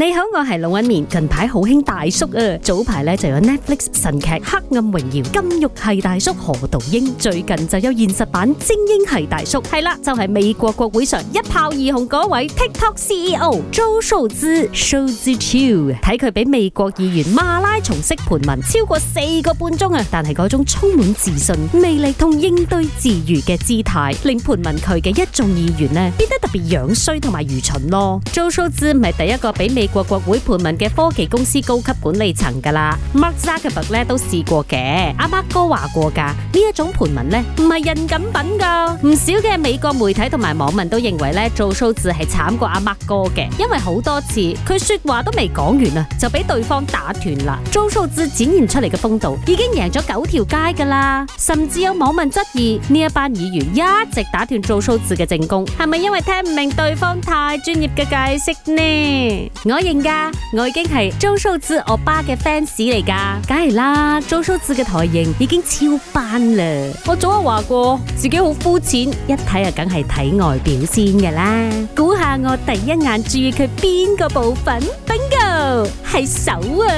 你好，我係龍紋敏。近排好興大叔啊！早排咧，就有 Netflix 神劇《黑暗榮耀》，金玉係大叔何道英。最近就有現實版《精英係大叔》，係啦，啊，就係、是、美國國會上一炮而紅嗰位 TikTok CEO 周受資 （Shou Zi Chew）。睇佢俾美國議員馬拉松式盤問超過四個半鐘啊！但係嗰種充滿自信、魅力同應對自如嘅姿態，令盤問佢嘅一眾議員呢變得特別樣衰同埋愚蠢咯。周受資唔係第一個俾美。國國會盤問嘅科技公司高級管理層噶啦，Mark Zuckerberg 咧都試過嘅，阿 Mark 哥話過噶，呢一種盤問咧唔係人咁品噶，唔少嘅美國媒體同埋網民都認為咧做數字係慘過阿 Mark 哥嘅，因為好多次佢說話都未講完啦，就俾對方打斷啦，做數字展現出嚟嘅風度已經贏咗九條街噶啦，甚至有網民質疑呢一班議員一直打斷做數字嘅正功，係咪因為聽唔明對方太專業嘅解釋呢？我。我認噶，我已經係周受資我爸嘅 fans 嚟噶，梗係啦，周受資嘅台型已經超班啦。我早就話過自己好膚淺，一睇啊梗係睇外表先噶啦。估下我第一眼注意佢邊個部分？Bingo，係手啊！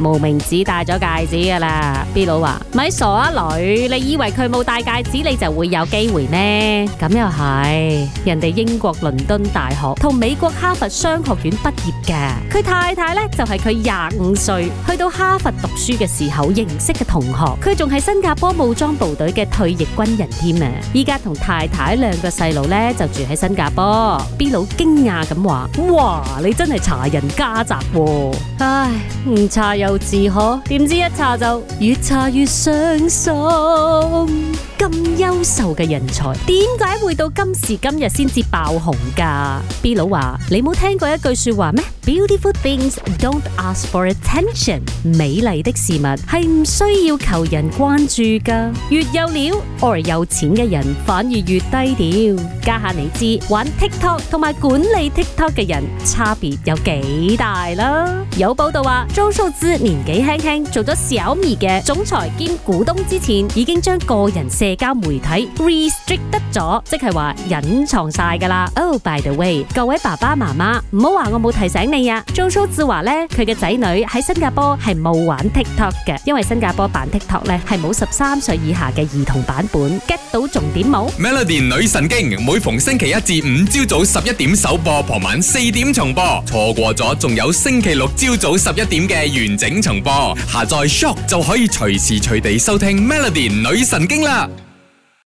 無名指戴咗戒指噶啦。B 佬話：咪傻啊女，你以為佢冇戴戒指你就會有機會咩？咁又係，人哋英國倫敦大學同美國哈佛商學院畢業嘅。佢太太咧就係佢廿五歲去到哈佛讀書嘅時候認識嘅同學，佢仲係新加坡武裝部隊嘅退役軍人添啊！依家同太太兩個細路咧就住喺新加坡。B 佬驚訝咁話：哇，你真係查人家宅喎！唉，唔查又自可，點知一查就越查越傷心。咁優秀嘅人才，點解會到今時今日先至爆紅噶？B 佬話：你冇聽過一句說話咩？Beautiful things don't ask for attention。美麗的事物係唔需要求人關注噶。越有料，or 有錢嘅人反而越低調。家下你知玩 TikTok 同埋管理 TikTok 嘅人差別有幾大啦？有報道話，周受資年紀輕輕做咗小米嘅總裁兼股東之前，已經將個人社交媒體 restrict 得咗，即係話隱藏晒噶啦。Oh by the way，各位爸爸媽媽唔好話我冇提醒你啊！周受資話咧，佢嘅仔女喺新加坡係冇玩 TikTok 嘅，因為新加坡版 TikTok 咧係冇十三歲以下嘅兒童版本，get 到重點冇？Melody 女神經每逢星期一至五朝早十一點首播，傍晚四點重播，錯過咗仲有星期六朝早十一點嘅完整重播，下載 Shock 就可以隨時隨地收聽 Melody 女神經啦。